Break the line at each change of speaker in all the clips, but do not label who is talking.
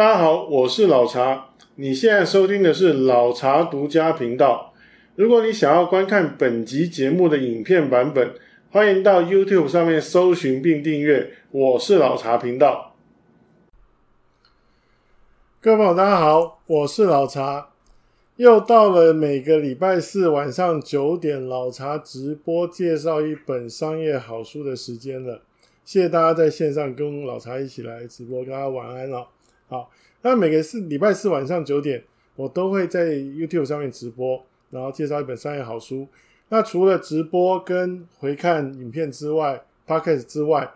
大家好，我是老查。你現在收聽的是老查獨家頻道。如果你想要觀看本集節目的影片版本，歡迎到 YouTube 上面搜尋並訂閱“我是老查”頻道。各位朋友，大家好，我是老查。又到了每個禮拜四晚上九點老查直播介紹一本商業好書的時間了。謝謝大家在線上跟老查一起來直播，大家晚安了哦。好，那每個四禮拜四晚上九點，我都會在 YouTube 上面直播，然後介紹一本商業好書。那除了直播跟回看影片之外，Podcast 之外，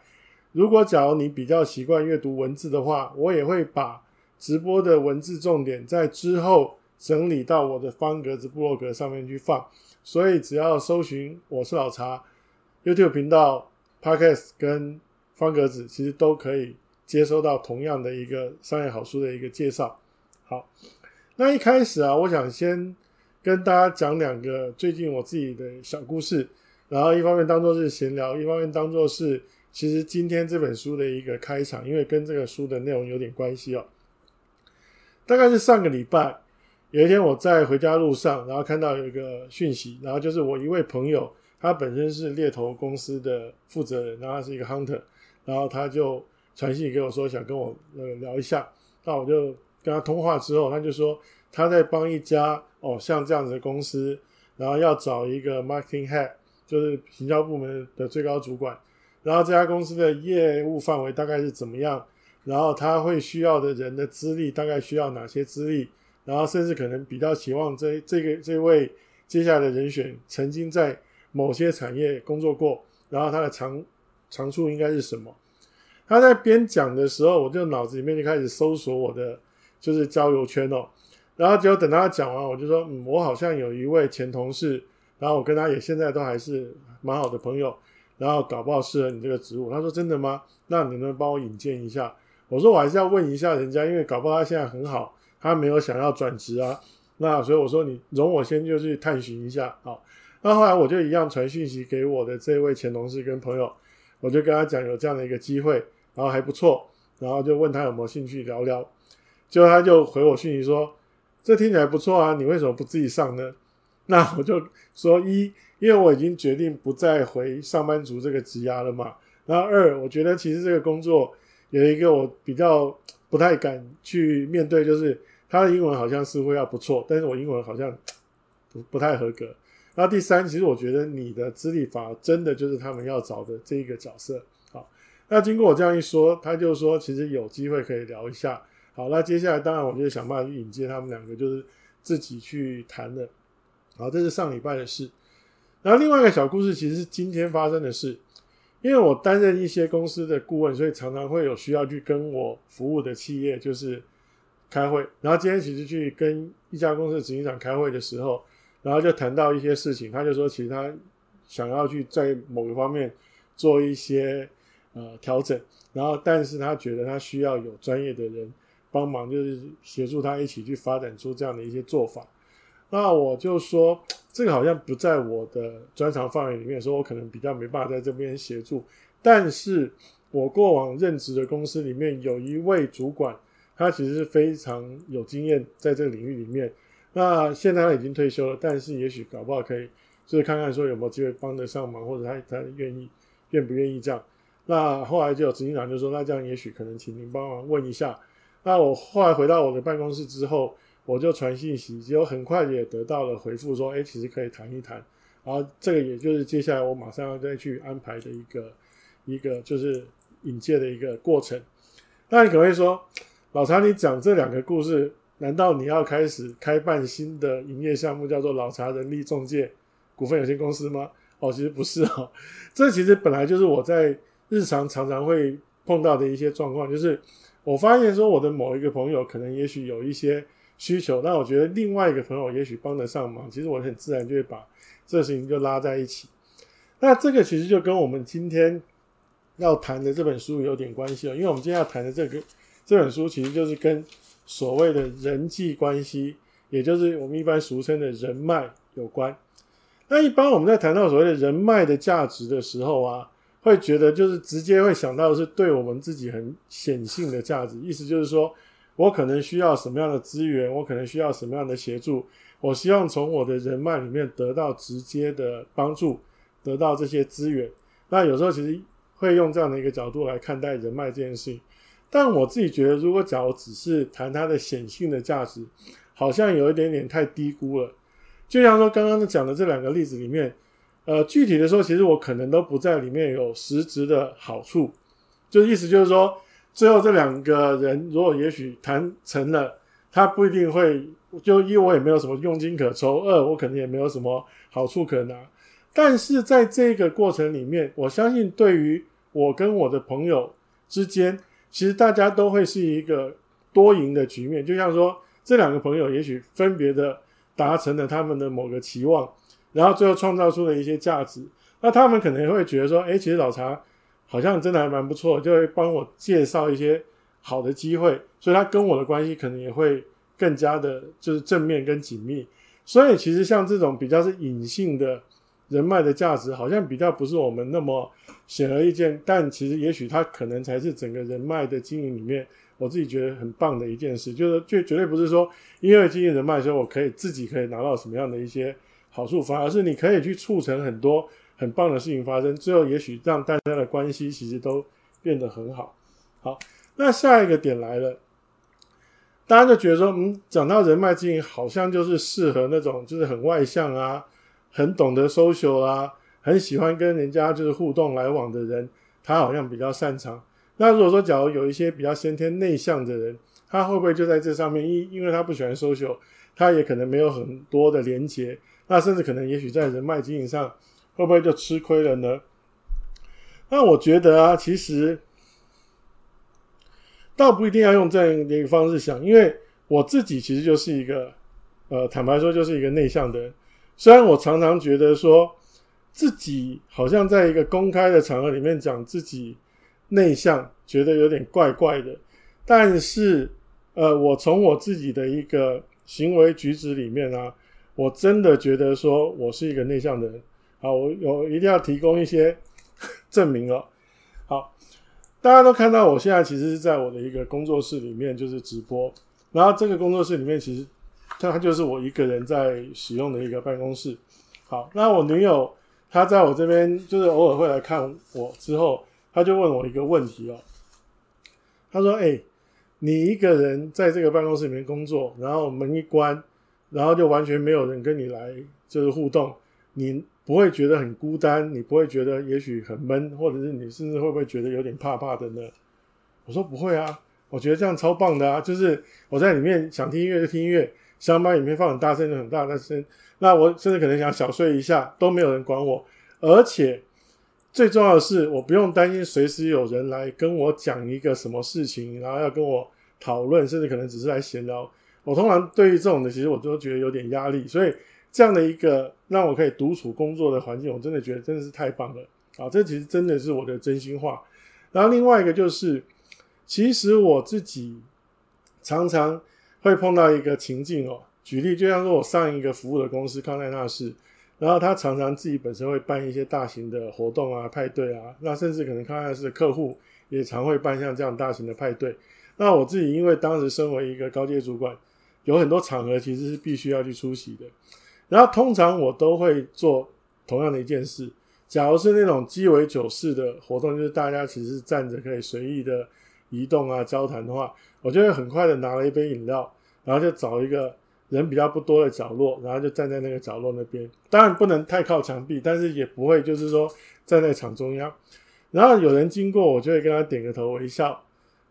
如果假如你比較習慣閱讀文字的話，我也會把直播的文字重點在之後整理到我的方格子部落格上面去放。所以只要搜尋我是老查 YouTube 頻道 Podcast 跟方格子，其實都可以。接收到同樣的一個商業好書的一個介紹，好，那一開始啊，我想先跟大家講兩個最近我自己的小故事，然後一方面當做是閒聊，一方面當做是其實今天這本書的一個開場，因為跟這個書的內容有點關係哦。大概是上個禮拜，有一天我在回家路上，然後看到有一個訊息，然後就是我一位朋友，他本身是獵頭公司的負責人，然後他是一個 hunter，然後他就，傳信給我說，想跟我呃聊一下，那我就跟他通話之後，他就說他在幫一家哦像這樣子的公司，然後要找一個 marketing head，就是行銷部門的最高主管，然後這家公司的業務範圍大概是怎麼樣，然後他會需要的人的資歷大概需要哪些資歷，然後甚至可能比較期望這這個這位接下來的人選曾經在某些產業工作過，然後他的長長處應該是什麼？他在邊講的時候，我就腦子裡面就開始搜索我的就是交友圈哦、喔，然後就等他講完，我就說，嗯，我好像有一位前同事，然後我跟他也現在都還是蠻好的朋友，然後搞不好適合你這個職務。他說真的嗎？那你能不能幫我引薦一下？我說我還是要問一下人家，因為搞不好他現在很好，他沒有想要轉職啊。那所以我說你容我先就去探尋一下啊。那後來我就一樣傳訊息給我的這位前同事跟朋友，我就跟他講有這樣的一個機會。然後還不錯，然後就問他有沒有興趣聊聊，就他就回我訊息說：“這聽起來不錯啊，你為什麼不自己上呢？”那我就說一，因為我已經決定不再回上班族這個職涯了嘛。然後二，我覺得其實這個工作有一個我比較不太敢去面對，就是他的英文好像似乎要不錯，但是我英文好像不不太合格。然後第三，其實我覺得你的資歷反而真的就是他們要找的這一個角色。那經過我這樣一說，他就說其實有機會可以聊一下。好，那接下來當然我就想辦法去引薦他們兩個，就是自己去談的。好，這是上禮拜的事。然後另外一個小故事其實是今天發生的事，因為我擔任一些公司的顧問，所以常常會有需要去跟我服務的企業就是開會。然後今天其實去跟一家公司的執行長開會的時候，然後就談到一些事情，他就說其實他想要去在某個方面做一些。呃，調整，然後但是他覺得他需要有專業的人幫忙，就是協助他一起去發展出這樣的一些做法。那我就說，這個好像不在我的專長範圍裡面，所以我可能比較沒辦法在這邊協助。但是我過往任職的公司裡面有一位主管，他其實是非常有經驗在這個領域裡面。那現在他已經退休了，但是也許搞不好可以，就是看看說有沒有機會幫得上忙，或者他他願意願不願意這樣。那後來就有執行長就說：“那這樣也許可能，請您幫忙問一下。”那我後來回到我的辦公室之後，我就傳信息，結果很快也得到了回覆，說：“哎，其實可以談一談。”然後這個也就是接下來我馬上要再去安排的一個一個就是引薦的一個過程。那你可能會說：“老查，你講這兩個故事，難道你要開始開辦新的營業項目，叫做‘老查人力仲介股份有限公司’嗎？”哦，其實不是哦，這其實本來就是我在。日常常常會碰到的一些狀況，就是我發現說我的某一個朋友可能也許有一些需求，那我覺得另外一個朋友也許幫得上忙，其實我很自然就會把這事情就拉在一起。那這個其實就跟我們今天要談的這本書有點關係了喔，因為我們今天要談的這個這本書其實就是跟所謂的人際關係，也就是我們一般俗稱的人脈有關。那一般我們在談到所謂的人脈的價值的時候啊。會覺得就是直接會想到的是對我們自己很顯性的價值，意思就是說我可能需要什麼樣的資源，我可能需要什麼樣的協助，我希望從我的人脈裡面得到直接的幫助，得到這些資源。那有時候其實會用這樣的一個角度來看待人脈這件事情，但我自己覺得，如果假如只是談它的顯性的價值，好像有一點點太低估了。就像說剛剛講的這兩個例子裡面。呃，具體的時候，其實我可能都不在裡面有實質的好處，就意思就是說，最後這兩個人如果也許談成了，他不一定會，就一我也沒有什麼佣金可抽，二我可能也沒有什麼好處可拿。但是在這個過程裡面，我相信對於我跟我的朋友之間，其實大家都會是一個多贏的局面。就像說，這兩個朋友也許分別的達成了他們的某個期望。然後最後創造出的一些價值，那他們可能會覺得說，誒，其實老查好像真的還蠻不錯，就會幫我介紹一些好的機會，所以他跟我的關係可能也會更加的，就是正面跟緊密。所以其實像這種比較是隱性的人脈的價值，好像比較不是我們那麼顯而易見，但其實也許他可能才是整個人脈的經營裡面，我自己覺得很棒的一件事，就是絕絕對不是說因為經營人脈說我可以自己可以拿到什麼樣的一些。好處，反而是你可以去促成很多很棒的事情發生，最後也許讓大家的關係其實都變得很好。好，那下一個點來了，大家就覺得說，嗯，講到人脈經營，好像就是適合那種就是很外向啊，很懂得 social 啊，很喜歡跟人家就是互動來往的人，他好像比較擅長。那如果說，假如有一些比較先天內向的人，他會不會就在這上面？因因為他不喜歡 social，他也可能沒有很多的連結。那甚至可能，也許在人脈經營上，會不會就吃虧了呢？那我覺得啊，其實倒不一定要用這樣的一個方式想，因為我自己其實就是一個，呃，坦白說就是一個內向的人。雖然我常常覺得說自己好像在一個公開的場合裡面講自己內向，覺得有點怪怪的，但是呃，我從我自己的一個行為舉止裡面啊。我真的覺得說，我是一個內向的人啊！我有一定要提供一些證明哦。好，大家都看到我現在其實是在我的一個工作室裡面，就是直播。然後這個工作室裡面，其實它就是我一個人在使用的一個辦公室。好，那我女友她在我這邊就是偶爾會來看我，之後她就問我一個問題哦。她說：“哎，你一個人在這個辦公室裡面工作，然後門一關。”然後就完全沒有人跟你來，就是互動。你不會覺得很孤單，你不會覺得也許很悶，或者是你甚至會不會覺得有點怕怕的呢？我說不會啊，我覺得這樣超棒的啊！就是我在裡面想聽音樂就聽音樂，想把影片放很大聲就很大聲。那我甚至可能想小睡一下，都沒有人管我。而且最重要的是，我不用擔心隨時有人來跟我講一個什麼事情，然後要跟我討論，甚至可能只是來閒聊。我通常對於這種的，其實我都覺得有點壓力，所以這樣的一個讓我可以獨處工作的環境，我真的覺得真的是太棒了啊！這其實真的是我的真心話。然後另外一個就是，其實我自己常常會碰到一個情境哦，舉例就像說我上一個服務的公司康泰納仕，然後他常常自己本身會辦一些大型的活動啊、派對啊，那甚至可能康泰納仕的客戶也常會辦像這樣大型的派對。那我自己因為當時身為一個高階主管。有很多場合其實是必須要去出席的，然後通常我都會做同樣的一件事。假如是那種雞尾酒式的活動，就是大家其實是站着可以隨意的移動啊、交談的話，我就會很快的拿了一杯飲料，然後就找一個人比較不多的角落，然後就站在那個角落那邊。當然不能太靠牆壁，但是也不會就是說站在場中央。然後有人經過，我就會跟他點個頭、微笑。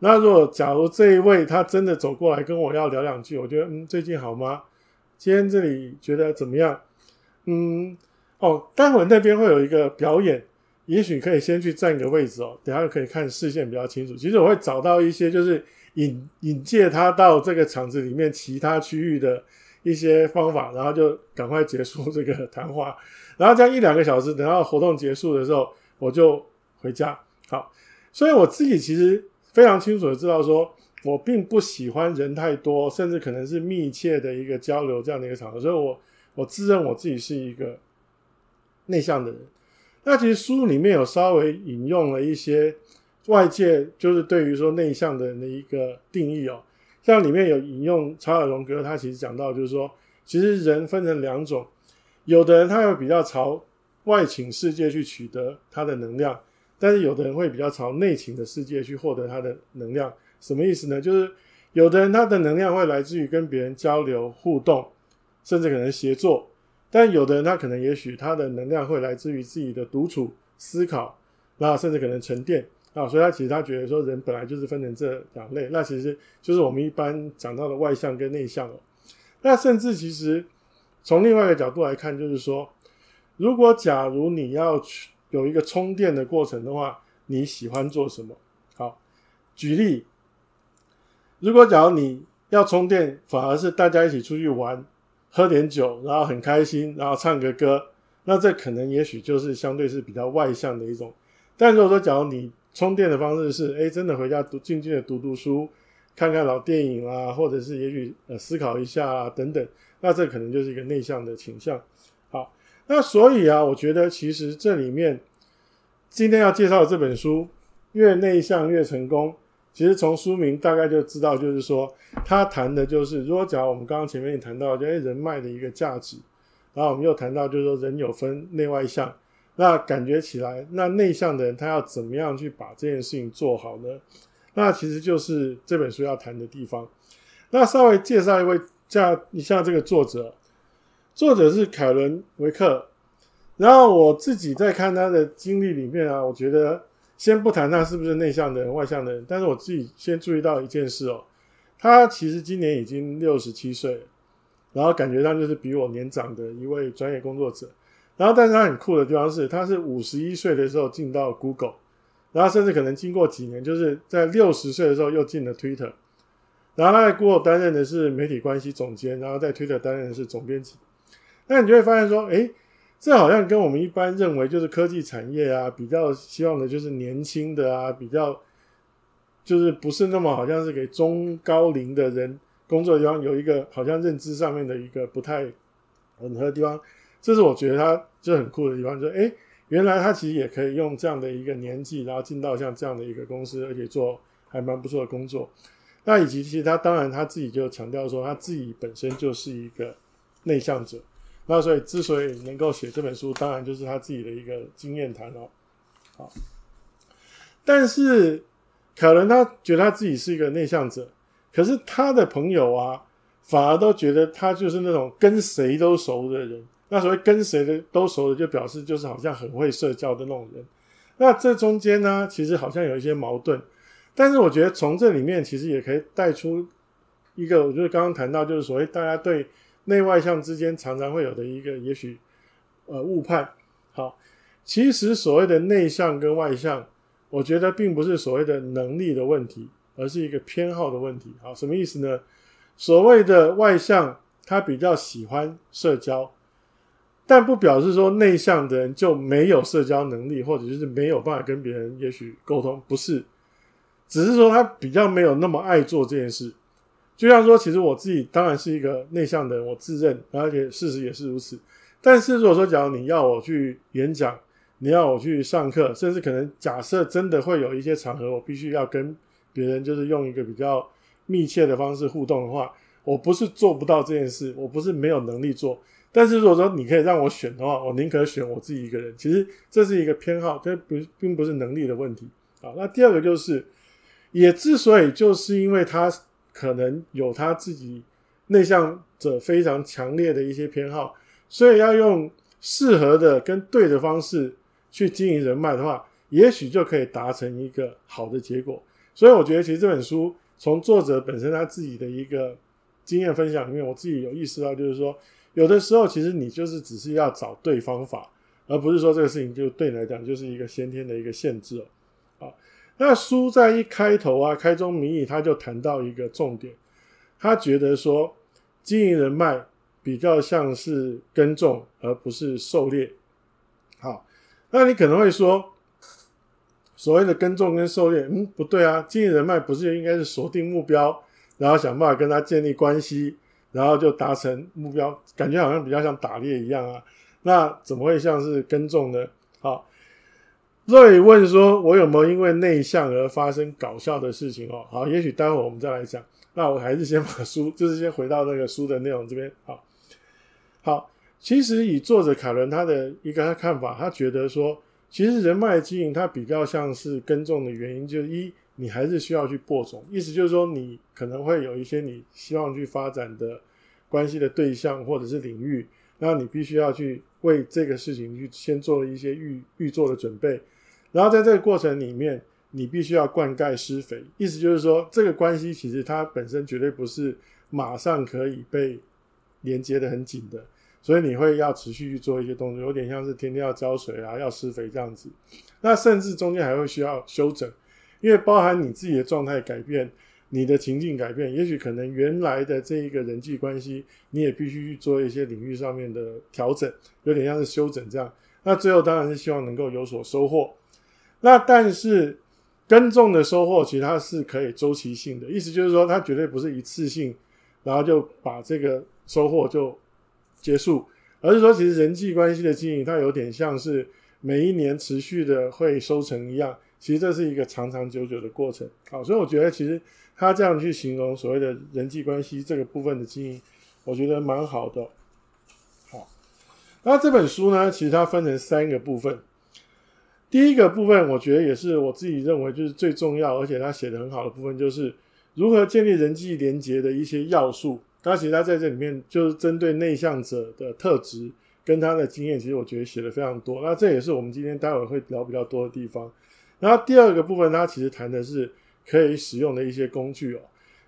那如果假如這一位他真的走過來跟我要聊兩句，我覺得嗯，最近好嗎？今天這裡覺得怎麼樣？嗯，哦，待會那邊會有一個表演，也許可以先去佔一個位置哦，等下就可以看視線比較清楚。其實我會找到一些就是引引介他到這個場子裡面其他區域的一些方法，然後就趕快結束這個談話，然後這樣一兩個小時，等到活動結束的時候我就回家。好，所以我自己其實。非常清楚的知道說，說我並不喜歡人太多，甚至可能是密切的一個交流這樣的一個場合，所以我我自認我自己是一個內向的人。那其實書裡面有稍微引用了一些外界，就是對於說內向的人的一個定義哦，像裡面有引用卡爾榮格，他其實講到就是說，其實人分成兩種，有的人他會比較朝外傾世界去取得他的能量。但是有的人會比較朝內情的世界去獲得他的能量，什麼意思呢？就是有的人他的能量會來自於跟別人交流互動，甚至可能協作；但有的人他可能也許他的能量會來自於自己的獨處思考，那甚至可能沉澱啊。所以他其實他覺得說人本來就是分成這兩類，那其實就是我們一般講到的外向跟內向哦。那甚至其實從另外一個角度來看，就是說，如果假如你要去。有一個充電的過程的話，你喜歡做什麼？好，舉例，如果假如你要充電，反而是大家一起出去玩，喝點酒，然後很開心，然後唱個歌，那這可能也許就是相對是比較外向的一種。但如果說假如你充電的方式是，哎，真的回家讀，靜靜的讀讀書，看看老電影啊，或者是也許呃思考一下啊等等，那這可能就是一個內向的傾向。那所以啊，我覺得其實這裡面今天要介紹的這本書《越內向越成功》，其實從書名大概就知道，就是說他談的就是，如果假如我們剛剛前面也談到，就是人脈的一個價值，然後我們又談到就是說人有分內外向，那感覺起來，那內向的人他要怎麼樣去把這件事情做好呢？那其實就是這本書要談的地方。那稍微介紹一位，像你像這個作者。作者是凱倫維克，然後我自己在看他的經歷裡面啊，我覺得先不談他是不是內向的人、外向的人，但是我自己先注意到一件事哦，他其實今年已經六十七歲，然後感覺上就是比我年長的一位專業工作者。然後，但是他很酷的地方是，他是五十一歲的時候進到 Google，然後甚至可能經過幾年，就是在六十歲的時候又進了 Twitter。然後他在 Google 擔任的是媒體關係總監，然後在 Twitter 擔任的是總編輯。那你就會發現說，哎，這好像跟我們一般認為就是科技產業啊，比較希望的就是年輕的啊，比較就是不是那麼好像是給中高齡的人工作的地方，有一個好像認知上面的一個不太吻合的地方。這是我覺得他就很酷的地方，就是哎，原來他其實也可以用這樣的一個年紀，然後進到像這樣的一個公司，而且做還蠻不錯的工作。那以及其實他當然他自己就強調說，他自己本身就是一個內向者。那所以，之所以能夠寫這本書，當然就是他自己的一個經驗談了。好，但是可能他覺得他自己是一個內向者，可是他的朋友啊，反而都覺得他就是那種跟誰都熟的人。那所謂跟誰的都熟的，就表示就是好像很會社交的那種人。那這中間呢、啊，其實好像有一些矛盾。但是我覺得從這裡面，其實也可以帶出一個，我覺得剛剛談到就是所謂大家對。內外向之間常常會有的一個，也許呃誤判。好，其實所謂的內向跟外向，我覺得並不是所謂的能力的問題，而是一個偏好的問題。好，什麼意思呢？所謂的外向，他比較喜歡社交，但不表示說內向的人就沒有社交能力，或者就是沒有辦法跟別人也許溝通，不是，只是說他比較沒有那麼愛做這件事。就像說，其實我自己當然是一個內向的人，我自認，而且事實也是如此。但是如果說，假如你要我去演講，你要我去上課，甚至可能假設真的會有一些場合，我必須要跟別人就是用一個比較密切的方式互動的話，我不是做不到這件事，我不是沒有能力做。但是如果說你可以讓我選的話，我寧可選我自己一個人。其實這是一個偏好，跟並並不是能力的問題。啊，那第二個就是，也之所以就是因為他。可能有他自己內向者非常強烈的一些偏好，所以要用適合的跟對的方式去經營人脈的話，也許就可以達成一個好的結果。所以我覺得，其實這本書從作者本身他自己的一個經驗分享裡面，我自己有意識到，就是說，有的時候其實你就是只是要找對方法，而不是說這個事情就對你來講就是一個先天的一個限制哦。那書在一開頭啊，開宗明義，他就談到一個重點，他覺得說經營人脈比較像是耕種，而不是狩獵。好，那你可能會說，所謂的耕種跟狩獵，嗯，不對啊，經營人脈不是應該是鎖定目標，然後想辦法跟他建立關係，然後就達成目標，感覺好像比較像打獵一樣啊，那怎麼會像是耕種呢？好。瑞問說：“我有沒有因為內向而發生搞笑的事情？”哦，好，也許待會我們再來講。那我還是先把書，就是先回到那個書的內容這邊。好好，其實以作者凱倫他的一個看法，他覺得說，其實人脈經營它比較像是耕種的原因，就是一，你還是需要去播種。意思就是說，你可能會有一些你希望去發展的關係的對象或者是領域，那你必須要去為這個事情去先做一些預預做的準備。然後在這個過程裡面，你必須要灌溉施肥，意思就是說，這個關係其實它本身絕對不是馬上可以被連接得很緊的，所以你會要持續去做一些動作，有點像是天天要澆水啊，要施肥這樣子。那甚至中間還會需要修整，因為包含你自己的狀態改變，你的情境改變，也許可能原來的這一個人際關係，你也必須去做一些領域上面的調整，有點像是修整這樣。那最後當然是希望能夠有所收穫。那但是，耕種的收穫其實它是可以周期性的，意思就是說它絕對不是一次性，然後就把這個收穫就結束，而是說其實人際關係的經營，它有點像是每一年持續的會收成一樣，其實這是一個長長久久的過程。好，所以我覺得其實他這樣去形容所謂的人際關係這個部分的經營，我覺得蠻好的。好，那這本書呢，其實它分成三個部分。第一個部分，我覺得也是我自己認為就是最重要，而且他寫的很好的部分，就是如何建立人際連接的一些要素。他其實他在這裡面就是針對內向者的特質跟他的經驗，其實我覺得寫的非常多。那這也是我們今天待會會聊比較多的地方。然後第二個部分，他其實談的是可以使用的一些工具哦。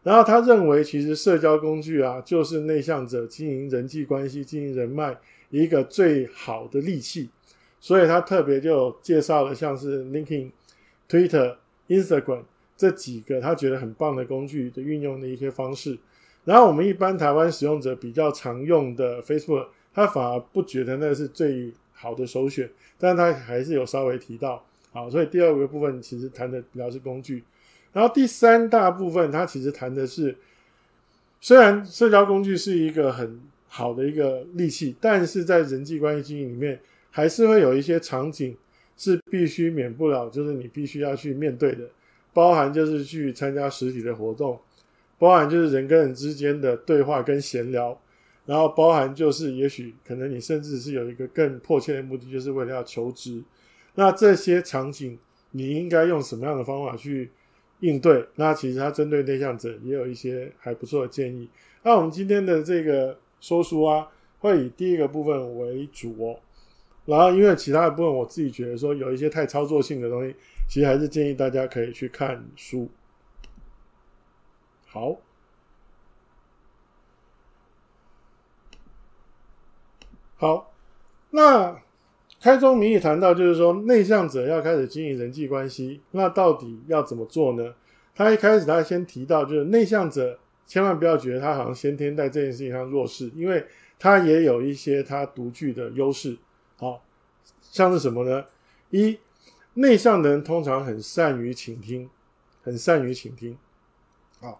然後他認為，其實社交工具啊，就是內向者經營人際關係、經營人脈一個最好的利器。所以他特別就介紹了像是 LinkedIn、Twitter、Instagram 這幾個他覺得很棒的工具的運用的一些方式。然後我們一般台灣使用者比較常用的 Facebook，他反而不覺得那是最好的首選，但他還是有稍微提到。好，所以第二個部分其實談的比較是工具。然後第三大部分，他其實談的是，雖然社交工具是一個很好的一個利器，但是在人際關係經營裡面。還是會有一些場景是必須免不了，就是你必須要去面對的，包含就是去參加實體的活動，包含就是人跟人之間的對話跟閒聊，然後包含就是也許可能你甚至是有一個更迫切的目的，就是為了要求職。那這些場景，你應該用什麼樣的方法去應對？那其實它針對內向者也有一些還不錯的建議。那我們今天的這個說書啊，會以第一個部分為主哦。然後，因為其他的部分，我自己覺得說有一些太操作性的東西，其實還是建議大家可以去看書。好，好。那開宗明義談到，就是說內向者要開始經營人際關係，那到底要怎麼做呢？他一開始他先提到，就是內向者千萬不要覺得他好像先天在這件事情上弱勢，因為他也有一些他獨具的優勢。好、哦，像是什麼呢？一、內向的人通常很善於傾聽，很善於傾聽。啊、哦，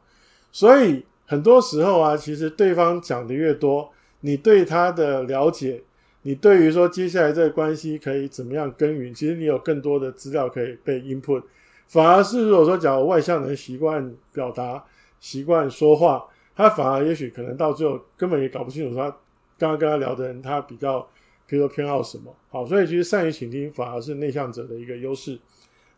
所以很多時候啊，其實對方講的越多，你對他的了解，你對於說接下來這個關係可以怎麼樣耕耘，其實你有更多的資料可以被 input。反而是如果說，假如外向人習慣表達、習慣說話，他反而也許可能到最後根本也搞不清楚他，他剛剛跟他聊的人，他比較。比如說偏好什麼，好，所以其實善於傾聽反而是內向者的一個優勢。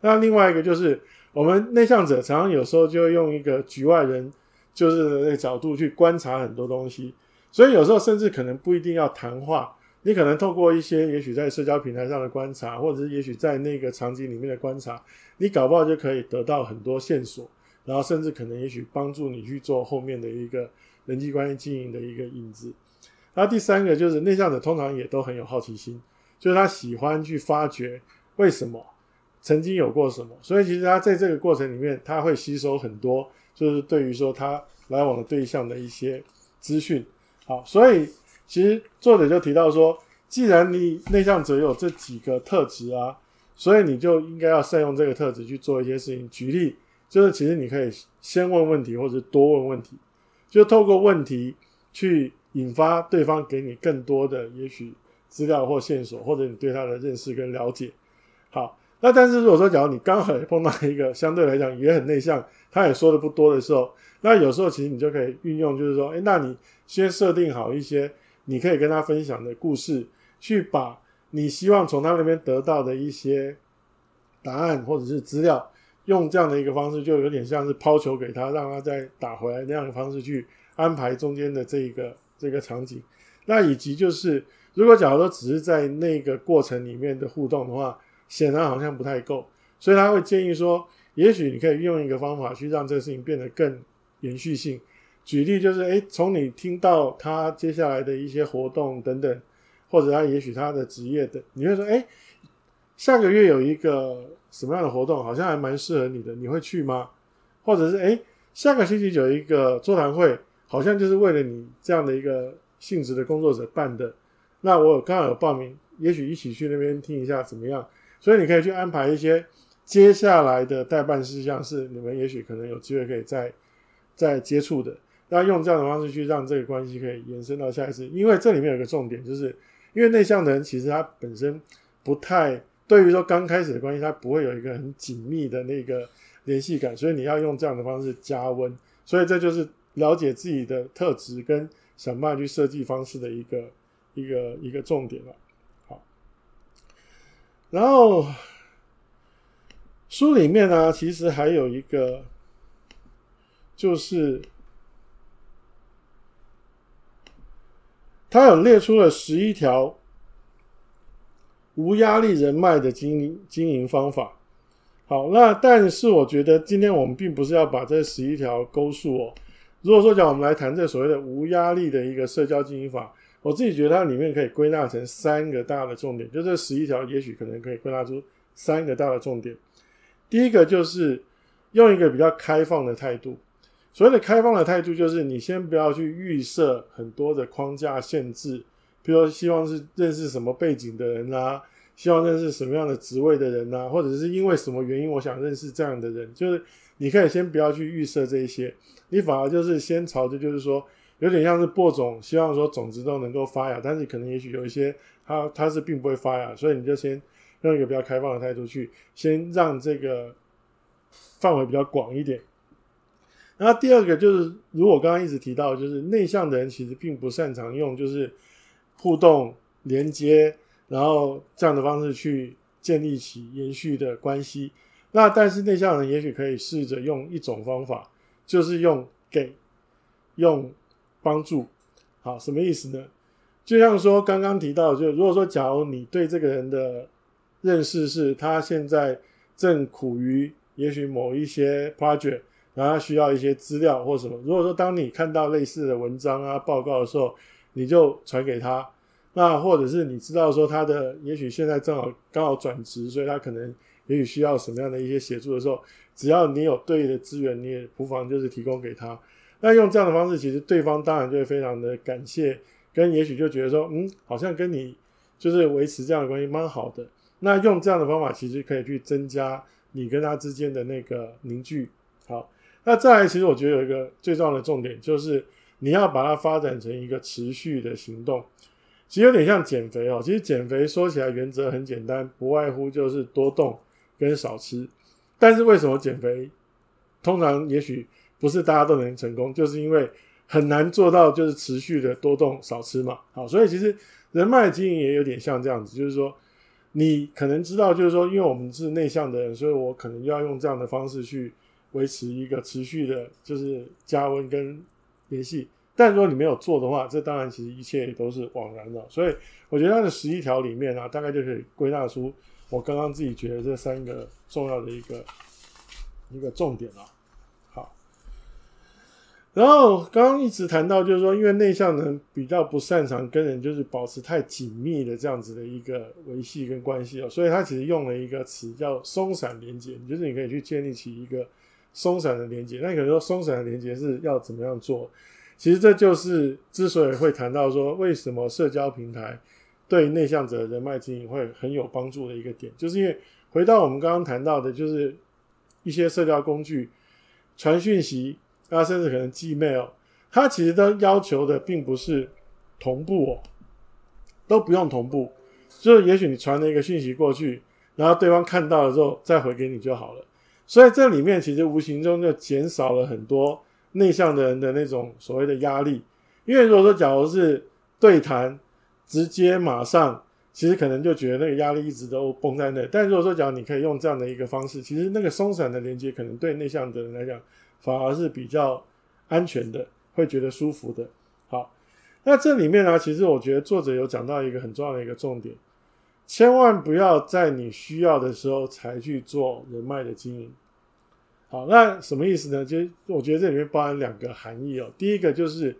那另外一個就是，我們內向者常常有時候就會用一個局外人就是那個角度去觀察很多東西，所以有時候甚至可能不一定要談話，你可能透過一些也許在社交平台上的觀察，或者是也許在那個場景裡面的觀察，你搞不好就可以得到很多線索，然後甚至可能也許幫助你去做後面的一個人際關係經營的一個引子。那第三個就是內向者通常也都很有好奇心，就是他喜歡去發掘為什麼曾經有過什麼，所以其實他在這個過程裡面他會吸收很多，就是對於說他來往的對象的一些資訊。好，所以其實作者就提到說，既然你內向者有這幾個特質啊，所以你就應該要善用這個特質去做一些事情。舉例就是，其實你可以先問問題，或者是多問問題，就透過問題去。引發對方給你更多的也許資料或線索，或者你對他的認識跟了解。好，那但是如果說假如你剛好也碰到一個相對來講也很內向，他也說的不多的時候，那有時候其實你就可以運用，就是說，哎，那你先設定好一些你可以跟他分享的故事，去把你希望從他那邊得到的一些答案或者是資料，用這樣的一個方式，就有點像是拋球給他，讓他再打回來那樣的方式去安排中間的這一個。這個場景，那以及就是，如果假如說只是在那個過程裡面的互動的話，顯然好像不太夠，所以他會建議說，也許你可以用一個方法去讓這個事情變得更延續性。舉例就是，誒，從你聽到他接下來的一些活動等等，或者他也許他的職業等，你會說，誒，下個月有一個什麼樣的活動，好像還蠻適合你的，你會去嗎？或者是，誒，下個星期有一個座談會。好像就是為了你這樣的一個性質的工作者辦的，那我剛好有報名，也許一起去那邊聽一下怎麼樣？所以你可以去安排一些接下來的待辦事項，是你們也許可能有機會可以再再接觸的。那用這樣的方式去讓這個關係可以延伸到下一次，因為這裡面有一個重點，就是因為內向的人其實他本身不太對於說剛開始的關係，他不會有一個很緊密的那個聯繫感，所以你要用這樣的方式加溫，所以這就是。了解自己的特質，跟想辦法去設計方式的一個一個一個重點了，啊。好，然後書裡面呢，啊,其實還有一個，就是他有列出了十一條無壓力人脈的經營經營方法。好，那但是我覺得今天我們並不是要把這十一條勾數哦。如果說講，我們來談這所謂的無壓力的一個社交經營法，我自己覺得它裡面可以歸納成三個大的重點，就這十一條，也許可能可以歸納出三個大的重點。第一個就是用一個比較開放的態度，所謂的開放的態度，就是你先不要去預設很多的框架限制，比如說希望是認識什麼背景的人啊，希望認識什麼樣的職位的人啊，或者是因為什麼原因我想認識這樣的人，就是。你可以先不要去預設這一些，你反而就是先朝着就是說，有點像是播種，希望說種子都能夠發芽，但是可能也許有一些它它是並不會發芽，所以你就先用一個比較開放的態度去，先讓這個範圍比較廣一點。然後第二個就是，如果剛剛一直提到，就是內向的人其實並不擅長用就是互動連接，然後這樣的方式去建立起延續的關係。那但是內向人也許可以試着用一種方法，就是用給，用幫助。好，什麼意思呢？就像說剛剛提到的，就如果說假如你對這個人的認識是他現在正苦於，也許某一些 project，然後他需要一些資料或什麼。如果說當你看到類似的文章啊，報告的時候，你就傳給他。那或者是你知道說他的，也許現在正好剛好轉職，所以他可能。也許需要什麼樣的一些協助的時候，只要你有對應的資源，你也不妨就是提供給他。那用這樣的方式，其實對方當然就會非常的感謝，跟也許就覺得說，嗯，好像跟你就是維持這樣的關係蠻好的。那用這樣的方法，其實可以去增加你跟他之間的那個凝聚。好，那再來，其實我覺得有一個最重要的重點，就是你要把它發展成一個持續的行動。其實有點像減肥哦，其實減肥說起來原則很簡單，不外乎就是多動，跟少吃，但是為什麼減肥通常也許不是大家都能成功，就是因為很難做到就是持續的多動少吃嘛。好，所以其實人脈經營也有點像這樣子，就是說你可能知道，就是說因為我們是內向的人，所以我可能要用這樣的方式去維持一個持續的，就是加溫跟聯繫。但如果你沒有做的話，這當然其實一切都是枉然的。所以我覺得它的十一條裡面啊，大概就可以歸納出，我剛剛自己覺得這三個重要的一個一個重點啊，好，然後剛剛一直談到就是說，因為內向人比較不擅長跟人就是保持太緊密的這樣子的一個維繫跟關係哦。所以他其實用了一個詞叫鬆散連接，就是你可以去建立起一個鬆散的連接。那可能說鬆散的連接是要怎麼樣做？其實這就是之所以會談到說為什麼社交平台。對內向者的人脈經營會很有幫助的一個點，就是因為回到我們剛剛談到的，就是一些社交工具傳訊息，啊，甚至可能寄 mail，它其實都要求的並不是同步哦，都不用同步，就是也許你傳了一個訊息過去，然後對方看到了之後再回給你就好了。所以這裡面其實無形中就減少了很多內向的人的那種所謂的壓力，因為如果說假如是對談。直接馬上，其實可能就覺得那個壓力一直都繃在那。但如果說講，你可以用這樣的一個方式，其實那個鬆散的連接，可能對內向的人來講，反而是比較安全的，會覺得舒服的。好，那這裡面呢、啊，其實我覺得作者有講到一個很重要的一個重點，千萬不要在你需要的時候才去做人脈的經營。好，那什麼意思呢？就我覺得這裡面包含兩個含義哦。第一個就是。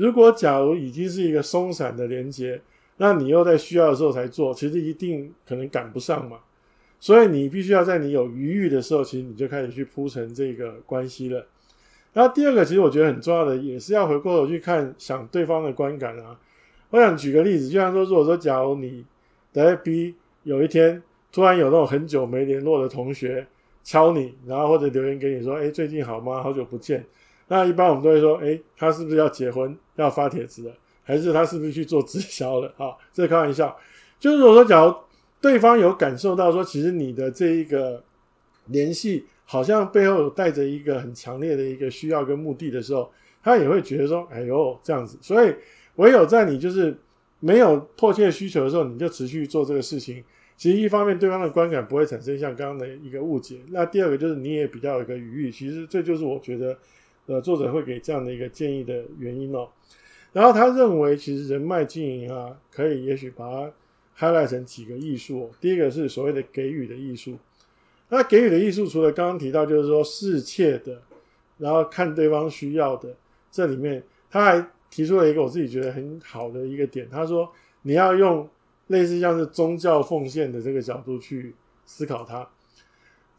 如果假如已經是一個鬆散的連接，那你又在需要的時候才做，其實一定可能趕不上嘛。所以你必須要在你有餘裕的時候，其實你就開始去鋪陳這個關係了。然後第二個，其實我覺得很重要的也是要回過頭去看想對方的觀感啊。我想舉個例子，就像說，如果說假如你大家 B，有一天突然有那種很久沒聯絡的同學敲你，然後或者留言給你說，哎，最近好嗎？好久不見。那一般我們都會說，哎，他是不是要結婚？要發帖子了，還是他是不是去做直銷了？哈，這是開玩笑。就是如果說，假如對方有感受到說，其實你的這一個聯繫，好像背後有帶着一個很強烈的一個需要跟目的的時候，他也會覺得說，哎呦這樣子。所以唯有在你就是沒有迫切需求的時候，你就持續做這個事情。其實一方面，對方的觀感不會產生像剛剛的一個誤解；那第二個就是你也比較有一個餘裕。其實這就是我覺得。呃，作者會給這樣的一個建議的原因哦，然後他認為其實人脈經營啊，可以也許把它 highlight 成幾個藝術哦。第一個是所謂的給予的藝術，那給予的藝術除了剛剛提到就是說適切的，然後看對方需要的，這裡面他還提出了一個我自己覺得很好的一個點，他說你要用類似像是宗教奉獻的這個角度去思考它。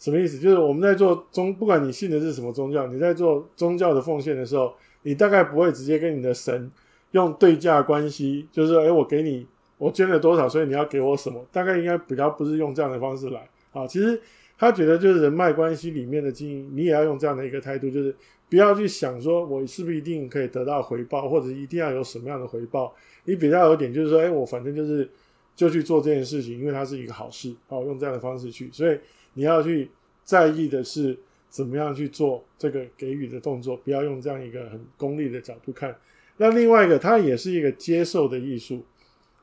什麼意思？就是我們在做宗，不管你信的是什麼宗教，你在做宗教的奉獻的時候，你大概不會直接跟你的神用對價關係，就是說，誒，我給你，我捐了多少，所以你要給我什麼？大概應該比較不是用這樣的方式來啊。其實他覺得，就是人脈關係裡面的經營，你也要用這樣的一個態度，就是不要去想說我是不是一定可以得到回報，或者是一定要有什麼樣的回報。你比較有點就是說，誒，我反正就是就去做這件事情，因為它是一個好事，好，用這樣的方式去，所以。你要去在意的是怎麼樣去做這個給予的動作，不要用這樣一個很功利的角度看。那另外一個，他也是一個接受的藝術。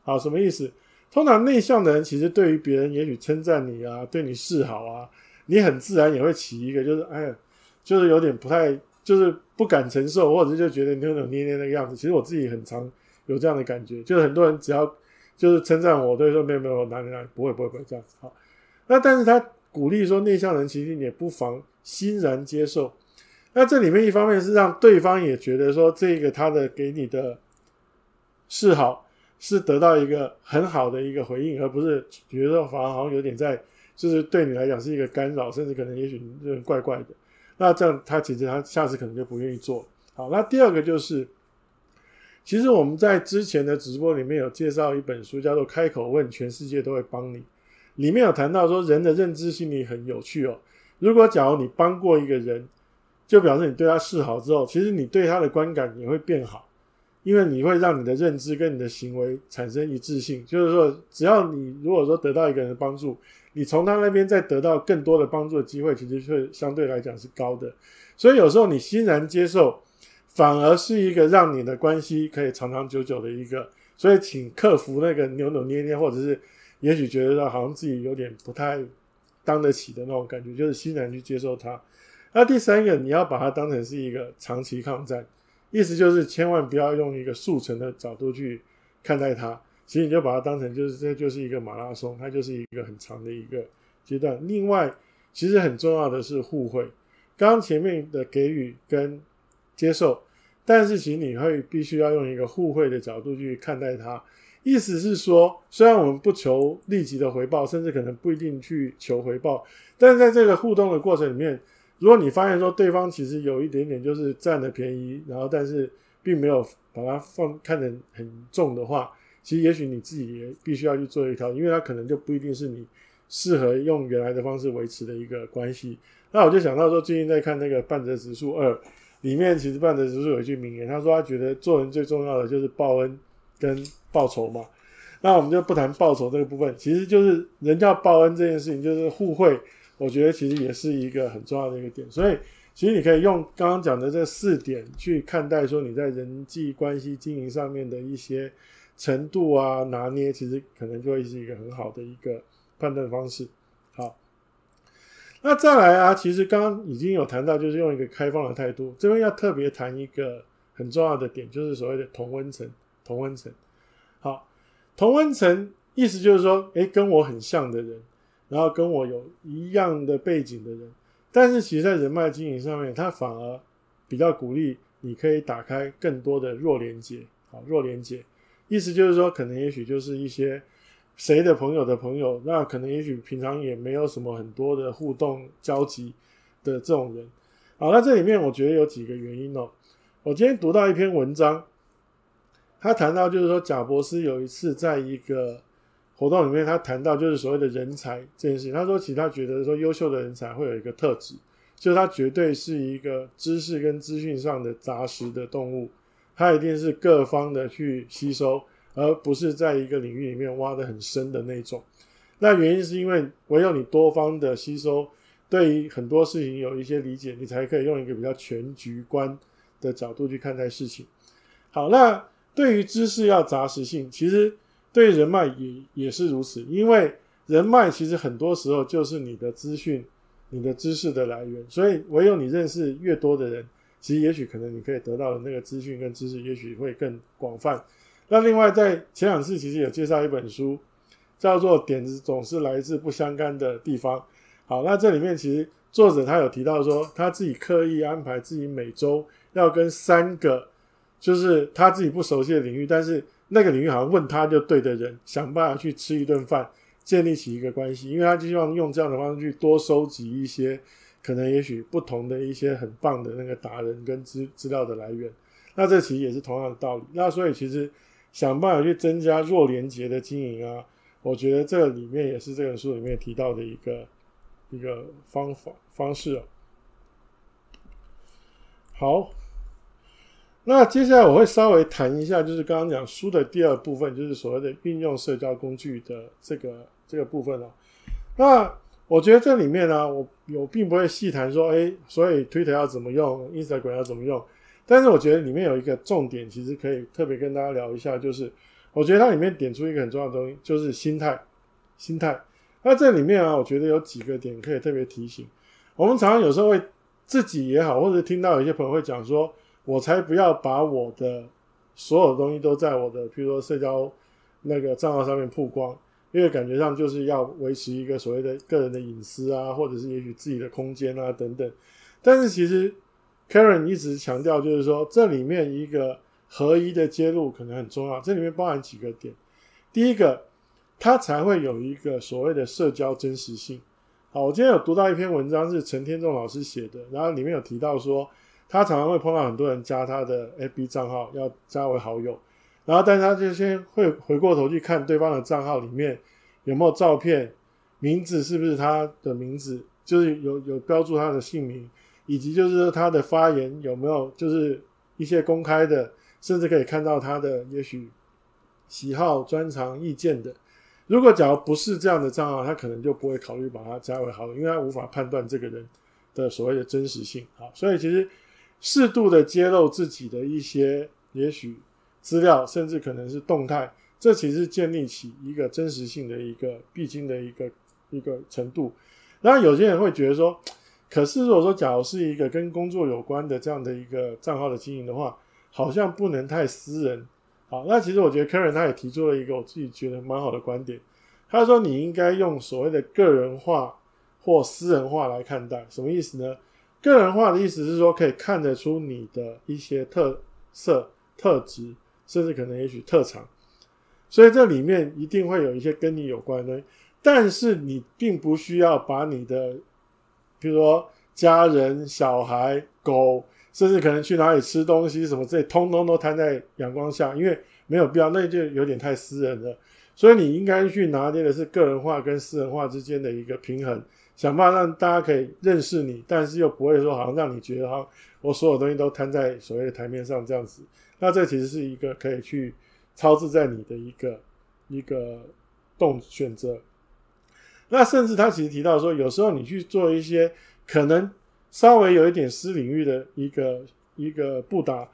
好，什麼意思？通常內向的人，其實對於別人也許稱讚你啊，對你示好啊，你很自然也會起一個，就是哎呀，就是有點不太，就是不敢承受，或者就覺得扭扭捏捏那個樣子。其實我自己很常有這樣的感覺，就是很多人只要就是稱讚我，對說沒有沒有，哪裡哪裡，不會不會不會這樣子。好，那但是他。鼓勵說，內向人其實你也不妨欣然接受。那這裡面一方面是讓對方也覺得說這個他的給你的示好是得到一個很好的一個回應，而不是比如說反而好像有點在就是對你來講是一個干擾，甚至可能也許是很怪怪的。那這樣他其實他下次可能就不願意做。好，那第二個就是，其實我們在之前的直播裡面有介紹一本書，叫做《開口問，全世界都會幫你》。裡面有談到說人的認知心理很有趣哦。如果假如你幫過一個人，就表示你對他示好之後，其實你對他的觀感也會變好，因為你會讓你的認知跟你的行為產生一致性。就是說，只要你如果說得到一個人的幫助，你從他那邊再得到更多的幫助的機會，其實會相對來講是高的。所以有時候你欣然接受，反而是一個讓你的關係可以長長久久的一個。所以，請克服那個扭扭捏捏或者是。也許覺得好像自己有點不太當得起的那種感覺，就是很難去接受它。那第三個，你要把它當成是一個長期抗戰，意思就是千萬不要用一個速成的角度去看待它。其實你就把它當成就是這就是一個馬拉松，它就是一個很長的一個階段。另外，其實很重要的是互惠。剛剛前面的給予跟接受，但是其實你會必須要用一個互惠的角度去看待它。意思是說，雖然我們不求立即的回報，甚至可能不一定去求回報，但是在這個互動的過程裡面，如果你發現說對方其實有一點點就是占了便宜，然後但是並沒有把它放看得很重的話，其實也許你自己也必須要去做一套，因為他可能就不一定是你適合用原來的方式維持的一個關係。那我就想到說，最近在看那個半澤直樹二裡面，其實半澤直樹有一句名言，他說他覺得做人最重要的就是報恩跟。報酬嘛，那我們就不談報酬這個部分。其實就是人叫報恩這件事情，就是互惠。我覺得其實也是一個很重要的一個點。所以，其實你可以用剛剛講的這四點去看待說你在人際關係經營上面的一些程度啊拿捏，其實可能就會是一個很好的一個判斷方式。好，那再來啊，其實剛剛已經有談到，就是用一個開放的態度。這邊要特別談一個很重要的點，就是所謂的同溫層，同溫層。好，同溫層意思就是說，誒、欸、跟我很像的人，然後跟我有一樣的背景的人，但是其實，在人脈經營上面，他反而比較鼓勵你可以打開更多的弱連結，好，弱連結意思就是說，可能也許就是一些誰的朋友的朋友，那可能也許平常也沒有什麼很多的互動交集的這種人。好，那這裡面我覺得有幾個原因哦、喔。我今天讀到一篇文章。他談到，就是說，賈伯斯有一次在一個活動裡面，他談到就是所謂的人才這件事情。他說，其實他覺得說，優秀的人才會有一個特質，就是他絕對是一個知識跟資訊上的雜食的動物，他一定是各方的去吸收，而不是在一個領域裡面挖得很深的那種。那原因是因為唯有你多方的吸收，對於很多事情有一些理解，你才可以用一個比較全局觀的角度去看待事情。好，那。對於知識要雜食性，其實對於人脈也也是如此，因為人脈其實很多時候就是你的資訊、你的知識的來源，所以唯有你認識越多的人，其實也許可能你可以得到的那個資訊跟知識也許會更廣泛。那另外在前兩次其實有介紹一本書，叫做《點子總是來自不相干的地方》。好，那這裡面其實作者他有提到說，他自己刻意安排自己每週要跟三個。就是他自己不熟悉的領域，但是那個領域好像問他就對的人，想辦法去吃一頓飯，建立起一個關係，因為他希望用這樣的方式去多收集一些可能也許不同的一些很棒的那個達人跟資資料的來源。那這其實也是同樣的道理。那所以其實想辦法去增加弱連結的經營啊，我覺得這裡面也是這本書裡面提到的一個一個方法方式哦、啊。好。那接下來我會稍微談一下，就是剛剛講書的第二部分，就是所謂的運用社交工具的這個這個部分了、啊。那我覺得這裡面呢、啊，我我並不會細談說，哎、欸，所以 Twitter 要怎麼用，Instagram 要怎麼用。但是我覺得裡面有一個重點，其實可以特別跟大家聊一下，就是我覺得它裡面點出一個很重要的東西，就是心態，心態。那這裡面啊，我覺得有幾個點可以特別提醒。我們常常有時候會自己也好，或者聽到有些朋友會講說。我才不要把我的所有的東西都在我的，譬如說社交那個賬號上面曝光，因為感覺上就是要維持一個所謂的個人的隱私啊，或者是也許自己的空間啊等等。但是其實 Karen 一直強調，就是說這裡面一個合一的揭露可能很重要。這裡面包含幾個點，第一個，它才會有一個所謂的社交真實性。好，我今天有讀到一篇文章，是陳天仲老師寫的，然後裡面有提到說。他常常會碰到很多人加他的 FB 賬號要加為好友，然後，但是他就先會回過頭去看對方的賬號裡面有沒有照片，名字是不是他的名字，就是有有標注他的姓名，以及就是他的發言有沒有就是一些公開的，甚至可以看到他的也許喜好、專長、意見的。如果假如不是這樣的賬號，他可能就不會考慮把他加為好友，因為他無法判斷這個人的所謂的真實性。好，所以其實。適度的揭露自己的一些，也許資料，甚至可能是動態，這其實建立起一個真實性的一個必經的一個一個程度。那有些人會覺得說，可是如果說假如是一個跟工作有關的這樣的一個賬號的經營的話，好像不能太私人。好，那其實我覺得柯 n 他也提出了一個我自己覺得蠻好的觀點，他說你應該用所謂的個人化或私人化來看待，什麼意思呢？個人化的意思是說，可以看得出你的一些特色、特質，甚至可能也許特長。所以這裡面一定會有一些跟你有關的東西，但是你並不需要把你的，比如說家人、小孩、狗，甚至可能去哪裡吃東西什麼，這些通通都攤在陽光下，因為沒有必要，那就有點太私人了。所以你應該去拿捏的是個人化跟私人化之間的一個平衡。想辦法讓大家可以認識你，但是又不會說好像讓你覺得哈，我所有東西都攤在所謂的台面上這樣子。那這其實是一個可以去操之在你的一個一個動選擇。那甚至他其實提到說，有時候你去做一些可能稍微有一點私領域的一個一個佈達，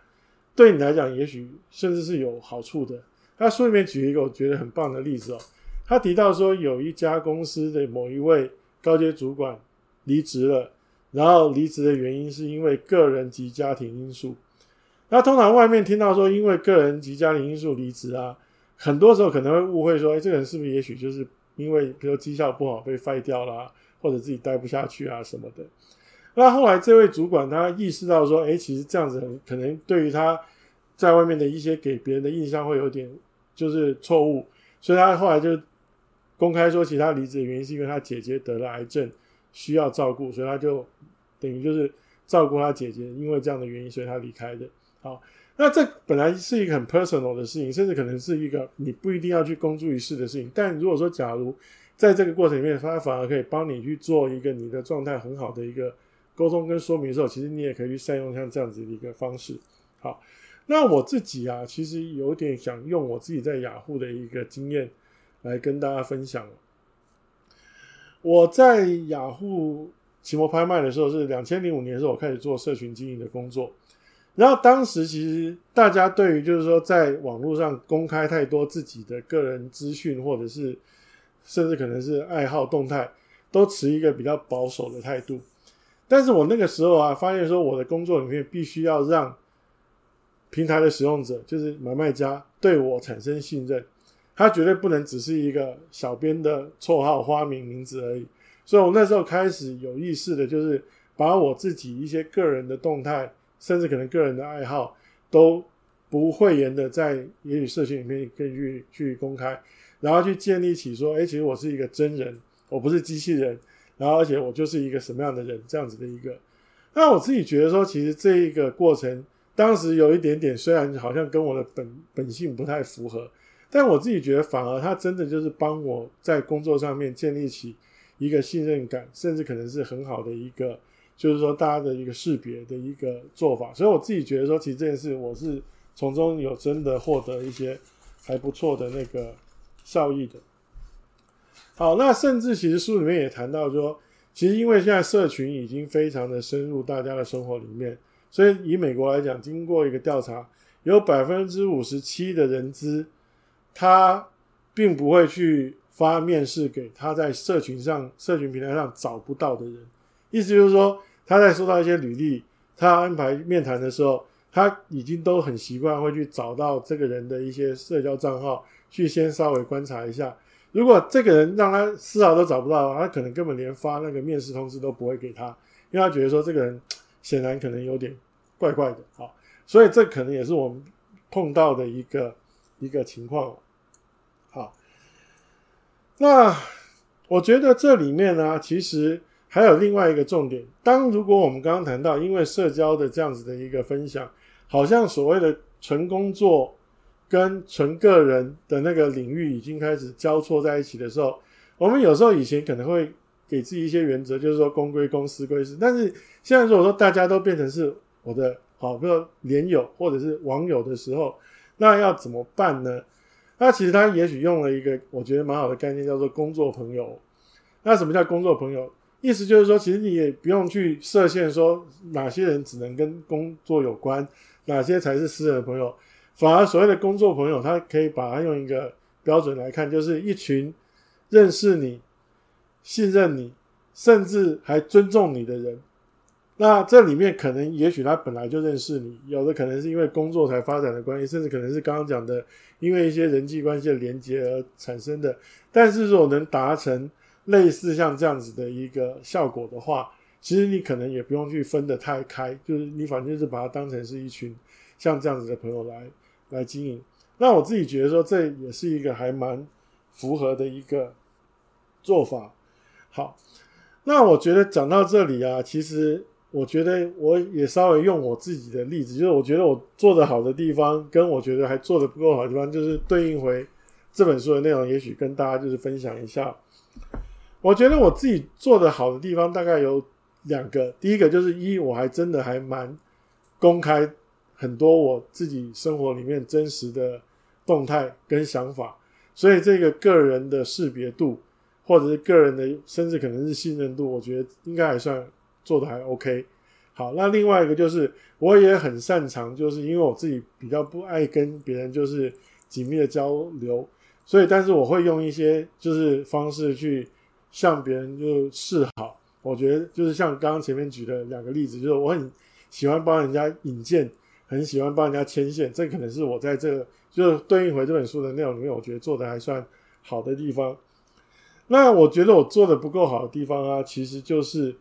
對你來講也許甚至是有好處的。他書裡面舉一個我覺得很棒的例子哦、喔，他提到說有一家公司的某一位。高階主管離職了，然後離職的原因是因為個人及家庭因素。那通常外面聽到說因為個人及家庭因素離職啊，很多時候可能會誤會說，哎，這個人是不是也許就是因為比如績效不好被 fire 掉啦啊，或者自己待不下去啊什麼的。那後來這位主管他意識到說，哎，其實這樣子可能對於他在外面的一些給別人的印象會有點就是錯誤，所以他後來就。公開說，其他離職的原因是因為他姐姐得了癌症，需要照顧，所以他就等於就是照顧他姐姐，因為這樣的原因，所以他離開的。好，那這本來是一個很 personal 的事情，甚至可能是一個你不一定要去公諸於世的事情。但如果說，假如在這個過程裡面，他反而可以幫你去做一個你的狀態很好的一個溝通跟說明的時候，其實你也可以去善用像這樣子的一個方式。好，那我自己啊，其實有點想用我自己在雅虎的一個經驗。來跟大家分享。我在雅虎奇摩拍賣的時候是兩千零五年的時候，我開始做社群經營的工作。然後當時其實大家對於就是說在網絡上公開太多自己的個人資訊，或者是甚至可能是愛好動態，都持一個比較保守的態度。但是我那個時候啊，發現說我的工作裡面必須要讓平台的使用者，就是買賣家，對我產生信任。他絕對不能只是一個小編的綽號、花名、名字而已。所以，我那時候開始有意識的，就是把我自己一些個人的動態，甚至可能個人的愛好，都不諱言的，在也許社群裡面可以去去公開，然後去建立起說，哎、欸，其實我是一個真人，我不是機器人，然後而且我就是一個什麼樣的人，這樣子的一個。那我自己覺得說，其實這一個過程，當時有一點點，雖然好像跟我的本本性不太符合。但我自己覺得，反而他真的就是幫我在工作上面建立起一個信任感，甚至可能是很好的一個，就是說大家的一個識別的一個做法。所以我自己覺得說，其實這件事我是從中有真的獲得一些還不錯的那個效益的。好，那甚至其實書裡面也談到說，其實因為現在社群已經非常的深入大家的生活裡面，所以以美國來講，經過一個調查，有百分之五十七的人知。他並不會去發面試給他在社群上、社群平台上找不到的人。意思就是說，他在收到一些履歷，他安排面談的時候，他已經都很習慣會去找到這個人的一些社交賬號，去先稍微觀察一下。如果這個人讓他絲毫都找不到的話，他可能根本連發那個面試通知都不會給他，因為他覺得說這個人顯然可能有點怪怪的啊。所以這可能也是我們碰到的一個一個情況。那我覺得這裡面呢、啊，其實還有另外一個重點，當如果我們剛剛談到，因為社交的這樣子的一個分享，好像所謂的純工作跟純個人的那個領域已經開始交錯在一起的時候，我們有時候以前可能會給自己一些原則，就是說公歸公，私歸私。但是現在如果說大家都變成是我的好，哦，比如說連友或者是網友的時候，那要怎麼辦呢？那其實他也許用了一個我覺得蠻好的概念，叫做“工作朋友”。那什麼叫“工作朋友”？意思就是說，其實你也不用去設限，說哪些人只能跟工作有關，哪些才是私人的朋友。反而所謂的工作朋友，他可以把它用一個標準來看，就是一群認識你、信任你，甚至還尊重你的人。那這裡面可能，也許他本來就認識你，有的可能是因為工作才發展的關係，甚至可能是剛剛講的，因為一些人際關係的連接而產生的。但是，如果能達成類似像這樣子的一個效果的話，其實你可能也不用去分得太開，就是你反正就是把它當成是一群像這樣子的朋友來來經營。那我自己覺得說，這也是一個還蠻符合的一個做法。好，那我覺得講到這裡啊，其實。我覺得我也稍微用我自己的例子，就是我覺得我做得好的地方，跟我覺得還做得不夠好的地方，就是對應回這本書的內容，也許跟大家就是分享一下。我覺得我自己做得好的地方大概有兩個，第一個就是一，我還真的還蠻公開很多我自己生活裡面真實的動態跟想法，所以這個個人的識別度，或者是個人的甚至可能是信任度，我覺得應該還算。做的還 OK，好，那另外一個就是我也很擅長，就是因為我自己比較不愛跟別人就是緊密的交流，所以但是我會用一些就是方式去向別人就示好。我覺得就是像剛剛前面舉的兩個例子，就是我很喜歡幫人家引薦，很喜歡幫人家牽線。這可能是我在這個就是對應回這本書的內容裡面，我覺得做的還算好的地方。那我覺得我做的不夠好的地方啊，其實就是。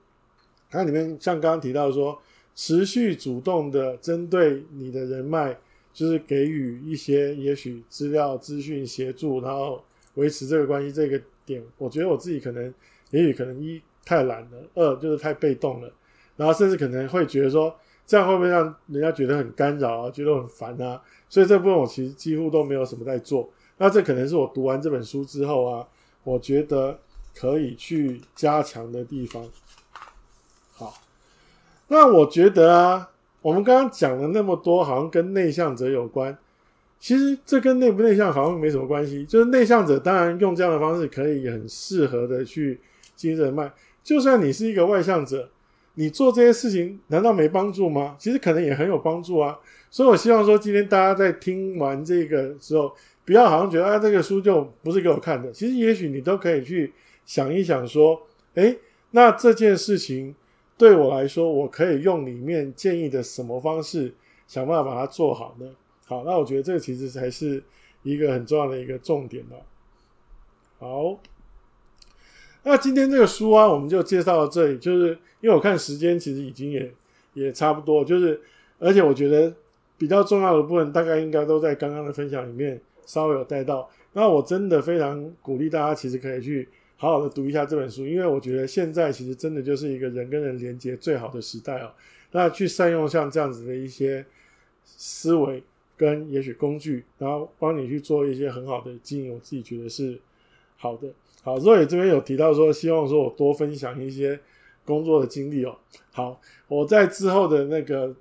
它裡面像剛剛提到說，持續主動的針對你的人脈，就是給予一些也許資料、資訊協助，然後維持這個關係這個點，我覺得我自己可能，也許可能一太懶了，二就是太被動了，然後甚至可能會覺得說，這樣會不會讓人家覺得很干擾啊，覺得很煩啊？所以這部分我其實幾乎都沒有什麼在做。那這可能是我讀完這本書之後啊，我覺得可以去加強的地方。好，那我覺得啊，我們剛剛講了那麼多，好像跟內向者有關，其實這跟內不內向好像沒什麼關係。就是內向者當然用這樣的方式可以很適合的去經營人脈，就算你是一個外向者，你做這些事情難道沒幫助嗎？其實可能也很有幫助啊。所以，我希望說今天大家在聽完這個時候，不要好像覺得啊，這個書就不是給我看的。其實也許你都可以去想一想，說，哎，那這件事情。對我來說，我可以用裡面建議的什麼方式，想辦法把它做好呢？好，那我覺得這個其實才是一個很重要的一個重點了。好，那今天這個書啊，我們就介紹到這裡。就是因為我看時間其實已經也也差不多，就是而且我覺得比較重要的部分，大概應該都在剛剛的分享裡面稍微有帶到。那我真的非常鼓勵大家，其實可以去。好好的讀一下這本書，因為我覺得現在其實真的就是一個人跟人連接最好的時代哦。那去善用像這樣子的一些思維跟也許工具，然後幫你去做一些很好的經營，我自己覺得是好的。好，若也這邊有提到說，希望說我多分享一些工作的經歷哦。好，我在之後的那個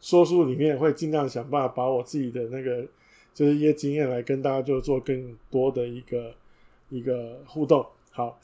說書裡面會儘量想辦法把我自己的那個就是一些經驗來跟大家就做更多的一個。一個互動，好。